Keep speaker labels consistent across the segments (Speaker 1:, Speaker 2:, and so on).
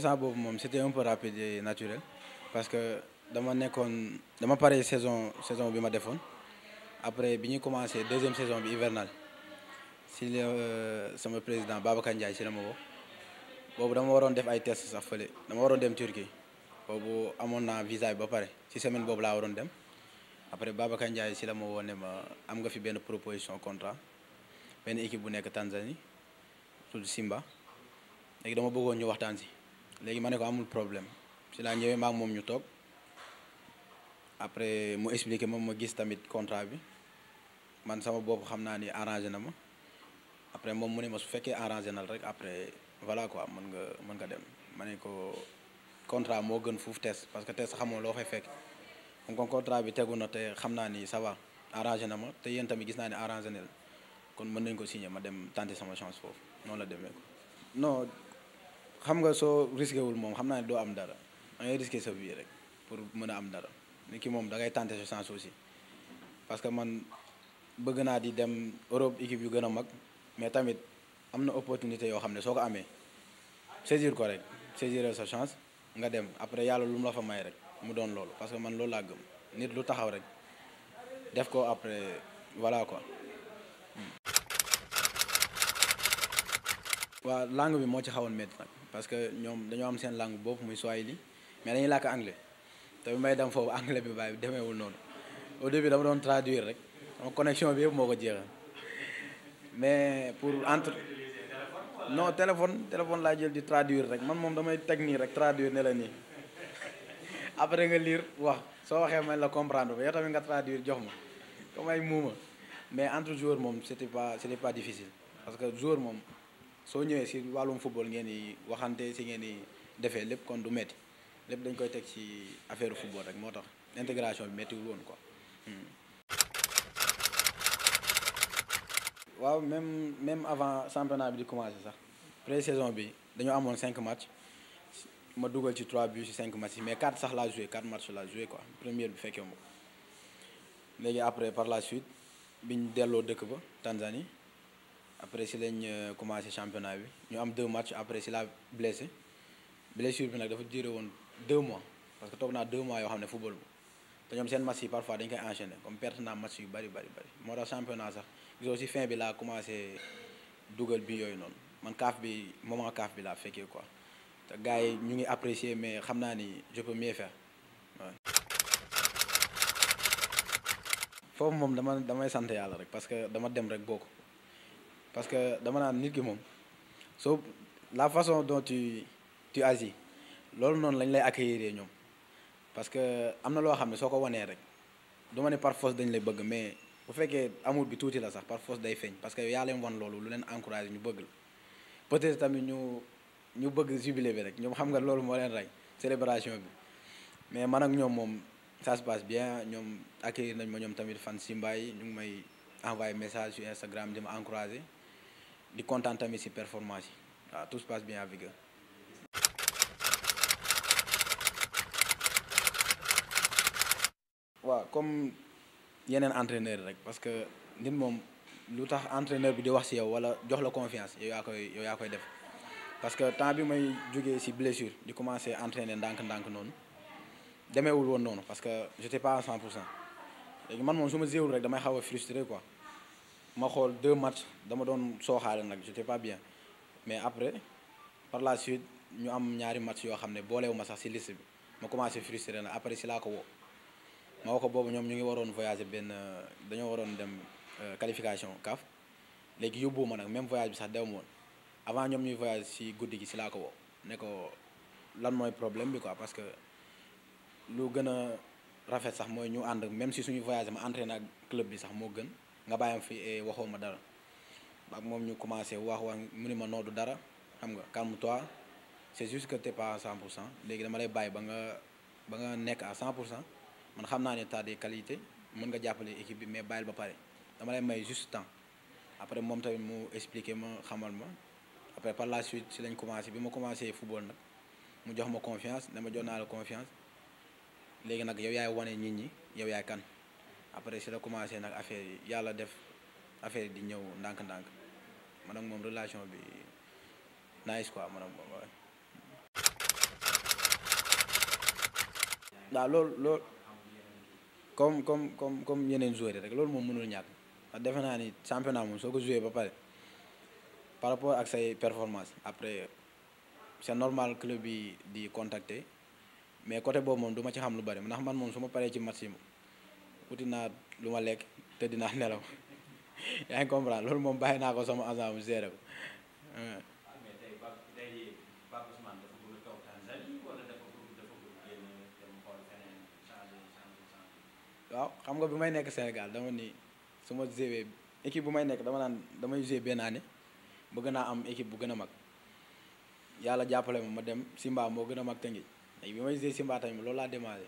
Speaker 1: instant boobu moom c'était un peu rapide naturel parce que dama nekkoon dama pare saison saison bi ma defoon après bi ñu commencé deuxième saison bi hivernale si la euh, sama président Babacar Ndiaye si la ma woo boobu waroon def ay tests sax fële dama waroon dem Turquie boobu amoon naa visa bi ba pare ci semaine boobu laa waroon dem après Babacar Ndiaye si la ma woo ne ma am nga fi benn proposition contrat benn équipe bu nekk Tanzanie tudd Simba léegi dama bëggoon ñu waxtaan si. léegi ma ne ko amul problème si laa ñëwee maak moom ñu toog après mu expliqué moom ma gis tamit contrat bi man sama bopp xam naa ni arrangé na ma après moom mu ne ma su fekkee arrangé na rek après voilà quoi mën nga mën nga dem ma ne ko contrat moo gën fuuf test parce que test xamoo loo fay fekk kon kon contrat bi tegu na te xam naa ni ça va na ma te yéen tamit gis naa ne arrangé na la kon mën nañ ko signé ma dem tenter sama chance foofu noonu la demee xam nga soo risqué wul moom xam naa ne doo am dara da ngay risqué sa vie rek pour mën a am dara nit ki moom da ngay tenté sa chance aussi parce que man bëgg naa di dem Europe équipe yu gën a mag mais tamit am na opportunité yoo xam ne soo ko amee saisir ko rek saisir sa chance nga dem après yàlla lu mu la fa may rek mu doon loolu parce que man loolu laa gëm nit lu taxaw rek def ko après voilà ko waaw langue bi moo ci xawoon métti nag parce que ñoom dañoo am seen langue boobu muy lii mais dañuy làkk anglais te may dem foofu anglais bi bàyyi demeewul noonu au début dama doon traduire rek sama connexion bi yëpp moo ko jeexal mais pour entre non téléphone téléphone laa jël di traduire rek man moom damay teg nii rek traduire ne la nii après nga liir wax soo waxee man la comprendre ba yow tamit nga traduire jox ma comme ay muuma mais entre joueur moom c'était pas c'était pas difficile parce que joueur moom soo ñëwee si wàllum football ngeen di waxante si ngeen di defee lépp kon du metti lépp dañ koy teg ci affaire football rek moo tax intégration bi méttiwul woon ko hmm. waaw même même avant championnat bi di commencé sax pré-saison bi dañoo amoon cinq matchs ma dugal ci trois buts ci cinq matchs yi mais quatre sax la joué quatre matchs laa joué quoi première bi fekkee ma léegi après par la suite biñ delloo dëkk ba Tanzanie. après si lañ euh, commencé championnat bi ñu am deux matchs après si la blessé blessure bi nag dafa duré woon deux mois parce que toog naa deux mois yoo xam ne football bu te ñoom parfois dañ koy enchaîner comme perte naa match yu bari bari bari moo tax championnat fin bi laa commencé dugal bi yooyu noonu man bi moment kaaf bi laa fekkee quoi te yi ñu ngi apprécier mais xam naa ni je peux mieux foofu moom dama damay sant yàlla rek parce que dama dem rek bokk. parce que dama naan nit ki moom so la façon dont tu tu loolu noonu lañ lay accueillir ñoom parce que am na loo xam ne soo ko wanee rek du ne par force dañ lay bëgg mais bu fekkee amour bi tuuti la sax par force day feeñ parce que yaa leen wan loolu lu leen encouragé ñu bëgg la peut-être tamit ñu ñu bëgg jubilé bi rek ñoom xam nga loolu moo leen rey célébration bi mais man ak ñoom moom ça se bien ñoom accueillir nañ ma ñoom tamit fan si yi ñu ngi may envoyé message sur Instagram di ma encouragé. di kontaan tamit si performance yi waaw tout se passe bien avec eux. comme yeneen entraîneur rek parce que nit moom lu tax entraîneur bi di wax si yow wala jox la confiance yow yaa koy yow yaa koy def parce que temps bi may jógee si blessure di commencer entraîner ndànk-ndànk noonu demeewul woon noonu parce que j'étais pas a 100 pour cent man moom su ma zéewul rek damay xaw a frustré quoi. ma xool deux matchs dama doon sooxaale nag j'étais pas bien mais après par la suite ñu am ñaari match yoo xam ne booleewu ma sax si liste bi ma commencé frustré na après si laa ko woo ma woo ko boobu ñoom ñu ngi waroon voyager benn dañoo waroon dem euh, qualification kaf léegi yóbbu ma nag même voyage bi sax dew ma woon avant ñoom ñuy voyage si guddi gi si laa ko woo ne ko lan mooy problème bi quoi parce que lu gën a rafet sax mooy ñu ànd même si suñu voyage ma entraîné ak club bi sax moo gën nga bàyyam fi eh, waxoo ma dara ak moom ñu commencé wax wax mu ni ma noodu dara xam nga calme toi c'est juste que t'es pas à pour cent léegi dama lay bàyyi ba nga ba nga nekk à cent pour cent man xam naa ne t'as des qualité mën nga jàppale équipe bi mais bàyyil ba pare dama lay may juste temps après moom tamit mu expliqué ma xamal ma après par la suite si lañ commencé bi ma commencé football nag mu jox ma confiance dama jox naa la confiance léegi nag yow yaay wane nit ñi yow yaay après si la commencé nag affaire yi yàlla def affaire di ñëw ndànk-ndànk man moom relation bi nice quoi man ak moom waaye. waaw loolu loolu comme comme comme comme yeneen joueurs yi rek loolu moom mënul ñàkk ndax defe naa ni championnat moom soo ko joué ba pare par rapport ak say performance après c'est normal club yi di contacter mais côté boobu moom duma ma ci xam lu bari ndax man moom su ma paree ci match yi moom uti naa lu ma lekk te dinaa nelaw yaa ngi comprendre loolu moom bàyyi naa ko sama agent bu géré ko waaw xam nga bi may nekk Sénégal dama ni su ma joué équipe bu may nekk dama naan damay joué benn année bëgg naa am équipe bu gën a mag yàlla jàppale ma ma dem Simba moo gën a mag Tëngéej léegi bi may joué Simba tamit loolu laa démarré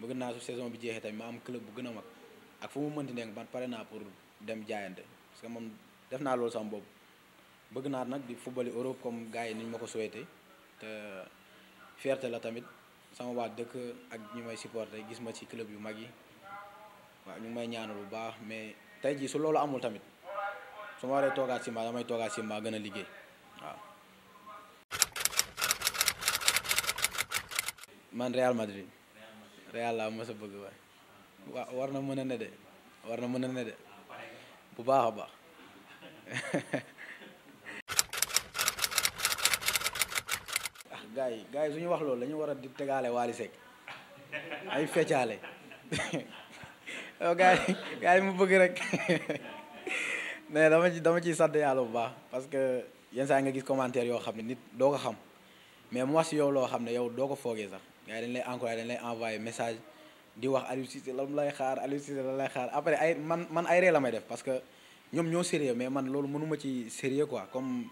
Speaker 1: bëgg naa su saison bi jeexee tamit ma am club bu gën a mag ak fu mu mënti nekk man pare naa pour dem jaayante parce moom def naa loolu sama bopp bëgg naa nag di football Europe comme gars yi ni ñu ma ko souhaité te fierté la tamit sama waa dëkk ak ñu may supporté gis ma ci club yu mag yi waaw ñu may ñaanal bu baax mais tey jii su loolu amul tamit su ma waree toogaat Simba damay toogaat Simba gën a liggéey waaw. man Real Madrid. te yàlla ma sa bëgg waay war na mën a ne de war na mën a ne de bu baax a baax ah gars yi gars yi suñu wax loolu dañu war a di tegaale Wally Seck ay feccaale yow gars gaay yi mu bëgg rek mais dama ci dama ci sant yàlla bu baax parce que yenn saa nga gis commentaire yoo xam ne nit doo ko xam mais mu wax si yow loo xam ne yow doo ko foogee sax gars yi dañ lay encouragé dañ lay envoyé message di wax Aliou la lan lay xaar Aliou la lan lay xaar après man man ay ree la may def parce que ñoom ñoo sérieux mais man loolu mënuma ci sérieux quoi comme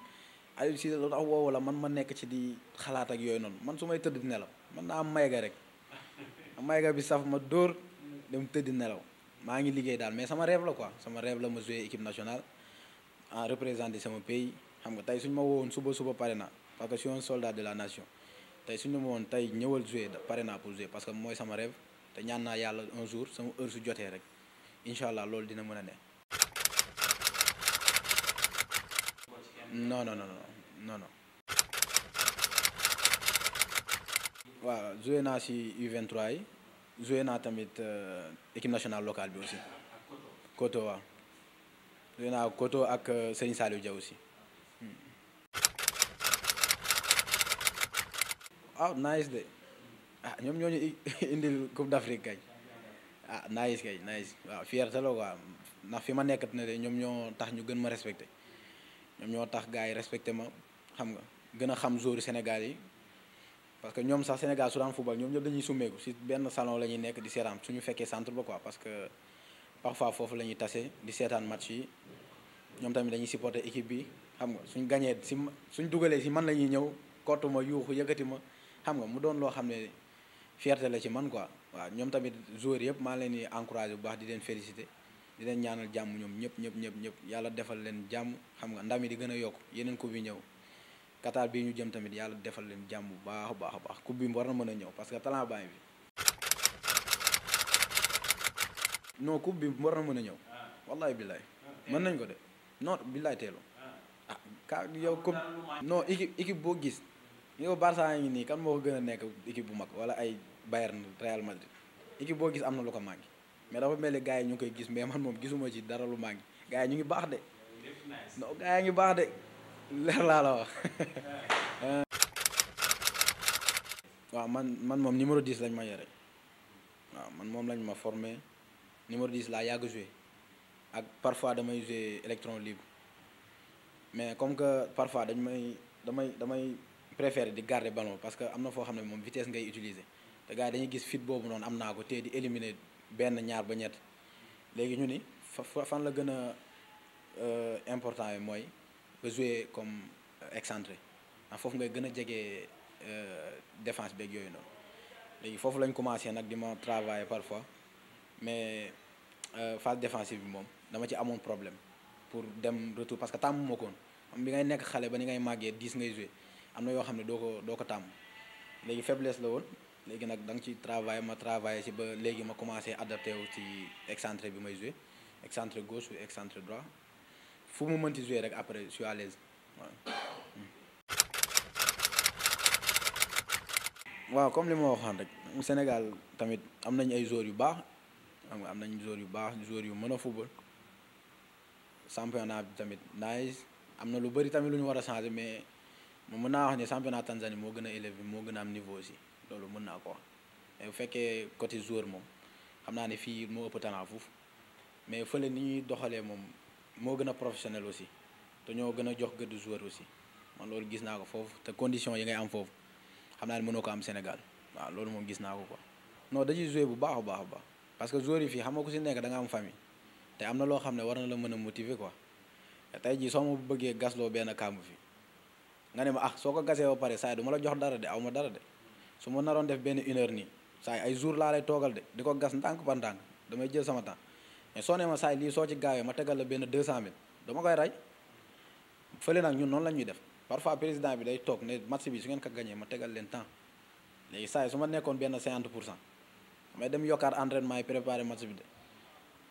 Speaker 1: Aliou Cissé loolu tax woowu la man ma nekk ci di xalaat ak yooyu noonu man su may tëdd nelaw man naa am mayga rek mayga bi saf ma dóor dem tëdd nelaw maa ngi liggéey daal mais sama rêve la quoi sama rêve la ma joué équipe nationale en représenté sama pays xam nga tey suñ ma woowoon suba suba pare na parce que je la nation tey suñu ma tey ñëwal jouer pare naa pour jouer parce que mooy sama rêve te ñaan naa yàlla un jour sama heure su jotee rek incha allah loolu dina mën a ne. non non non non non. waaw joué naa si U23 yi joué naa tamit euh, équipe nationale locale bi aussi. Koto waaw. naa Koto ak euh, Serigne Saliou Dia aussi. ah nice de ah ñoom ñoo ñu indil Coupe d'Afrique kay ah nice kay nice waaw fierté la quoi ndax fi ma nekkat na de ñoom ñoo tax ñu gën ma respecté ñoom ñoo tax gars yi respecté ma xam nga gën a xam joueurs Sénégal yi parce que ñoom sax Sénégal su daan football ñoom ñëpp dañuy summeeku si benn salon lañuy nekk di seetaan suñu fekkee centre ba quoi parce que parfois foofu la ñuy tase di seetaan match yi ñoom tamit dañuy supporter équipe bi xam nga suñ gañee si suñ dugalee si man la ñuy ñëw kottu ma yuuxu ma xam nga mu doon loo xam ne fierté la ci man quoi waaw ñoom tamit joueurs yëpp maa leen di encouragé bu baax di leen félicité di leen ñaanal jàmm ñoom ñëpp ñëpp ñëpp ñëpp yàlla defal leen jàmm xam nga ndam di gën a yokk yeneen coupe bi ñëw Qatar bii ñu jëm tamit yàlla defal leen jàmm bu baax baax a baax coupe bi war na mën a ñëw parce que talent baa ngi fi non coupe bi war na mën a ñëw ah. wallahi billaay ah. mën nañ ko de non billaay teelu ah. ah ka yow coupe non équipe boo gis yow Barça ngi nii kan moo ko gën a nekk équipe bu mag wala ay Bayern Real Madrid équipe boo gis am na lu ko manqué mais dafa mel ni gars yi ñu ngi koy gis mais man moom gisuma ci dara lu manqué gars ñu ngi baax de. non gars yi ngi baax de leer laa la wax. waaw man man moom numéro 10 lañ ma yore waaw man moom lañ ma formé numéro 10 laa yàgg joué ak parfois damay joué électron libre mais comme que parfois dañ may damay damay. préféré di garder ballon parce que am na foo xam ne moom vitesse ngay utiliser te gars yi dañuy gis fit boobu noonu am naa ko te di éliminer benn ñaar ba ñett léegi ñu ni fan la gën a euh, important yi mooy nga jouer comme excentré foofu ngay gën a jege euh, défense beeg yooyu noonu léegi foofu lañ commencé nag di ma travailler parfois mais euh, phase défensive bi moom dama ci amoon problème pour dem retour parce que tàmm ma ko bi ngay nekk xale ba ni ngay màggee 10 ngay jouer am na yoo xam ne doo ko doo ko tàmm léegi faiblesse la woon léegi nag da nga ci travail ma travaillé si ba léegi ma commencé adapté wu ci excentré bi may joué excentré gauche ou excentré droit fu mu mënti joué rek après je suis à hmm. comme li ma waxoon rek mu Sénégal tamit am nañ ay joueurs yu baax xam am nañ joueurs yu baax joueurs yu mën a football championnat bi tamit nice am na lu bari tamit lu ñu war a changer mais moom mën naa wax ne championnat Tanzanie moo gën a élevé moo gën a am niveau aussi loolu mën naa ko wax mais bu fekkee côté joueur moom xam naa ne fii moo ëpp talent foofu mais fële ni ñuy doxalee moom moo gën a professionnel aussi te ñoo gën a jox gëdd joueur aussi man loolu gis naa ko foofu te condition yi ngay am foofu xam naa ne mënoo ko am Sénégal waaw loolu moom gis naa ko ko non dañuy joué bu baax a baax parce que joueur yi fii xam nga ku si nekk da am famille te am na loo xam ne war na la mën a motiver quoi tey jii soo bëggee gasloo benn kàmb fii nga ne ma ah soo ko gasee ba pare saay du la jox dara de aw ma dara de su ma naroon def benn une heure nii saay ay jour laa lay toogal de di ko gas ndànk ba ndànk damay jël sama temps mais ma saay lii soo ci gaawee ma tegal la benn 200000 dama koy rey fële nag ñun noonu la ñuy def parfois bi day toog ne match su ngeen ko gañee ma tegal leen temps léegi saay su ma nekkoon benn 50 pour cent damay dem yokkaat entraînement yi préparé match bi de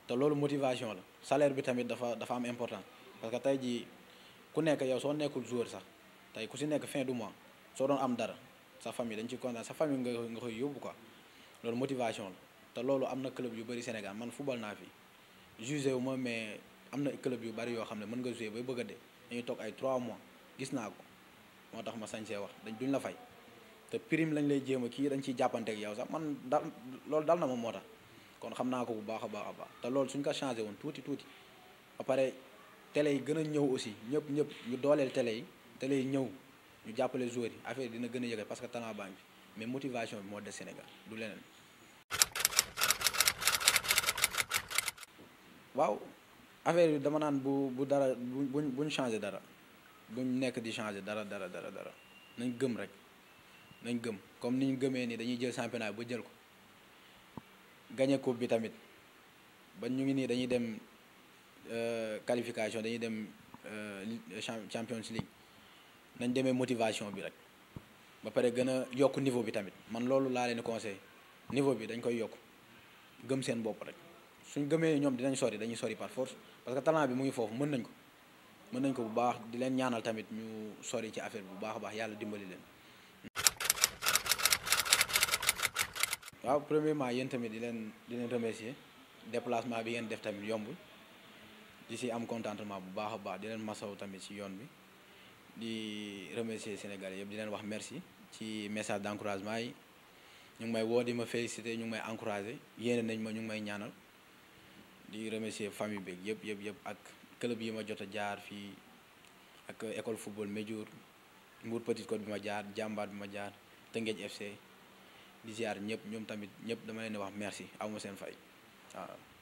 Speaker 1: te loolu motivation la salaire bi tamit dafa dafa am important parce que tey jii ku nekk yow soo nekkul joueur sax tey ku si nekk fin du mois soo doon am dara sa famille dañ ci kontaan sa famille nga nga koy yóbbu ko loolu motivation la te loolu am na club yu bëri Sénégal man football naa fi jugé wu ma mais am na club yu bari yoo xam ne mën nga joué bay bëgg de dee dañuy toog ay 3 mois gis naa ko moo tax ma sañ see wax dañ duñ la fay te prime lañ lay jéem a kii dañ ciy jàppanteeg yow sax man dal loolu dal na ma moo tax kon xam naa ko bu baax a baax a baax te loolu suñ ko changé woon tuuti tuuti ba pare télé yi gën a ñëw aussi ñëpp ñëpp ñu dooleel télé yi. te lay ñëw ñu jàppale joueurs yi affaire dina gën a yëgal parce que talent baa mais motivation moo des Sénégal du leneen. waaw affaire bi dama naan bu bu dara bu buñ buñ dara buñ nekk di changé dara dara dara dara nañ gëm rek nañ gëm comme ni ñu gëmee nii dañuy jël championnat ba jël ko gagné coupe bi tamit ba ñu ngi nii dañuy dem euh, qualification dañuy dem euh, Champions League nañ demee motivation bi rek ba pare gën a yokk niveau bi tamit man loolu laa leen conseil niveau bi dañ koy yokk gëm seen bopp rek suñ gëmee ñoom dinañ sori dañuy sori par force parce que talent bi mu ngi foofu mën nañ ko mën nañ ko bu baax di leen ñaanal tamit ñu sori ci affaire bi bu baax a baax yàlla dimbali leen. waaw premièrement yéen tamit di leen di leen remercier déplacement bi ngeen def tamit yombul di si am contentement bu baax a baax di leen masaw tamit si yoon bi. di remercier Sénégalais yëpp di leen wax merci ci message d' yi ñu ngi may woo di ma féliciter ñu ngi may encourager yéene nañ ma ñu ngi may ñaanal di remercier famille beeg yëpp yëpp yëpp ak club yi ma jot a jaar fii ak école football Médiour Mbour Petite Côte bi ma jaar jàmbaar bi ma jaar Tëngéej FC di ziar ñëpp ñoom tamit ñëpp dama leen di wax merci aw ma seen fay waaw.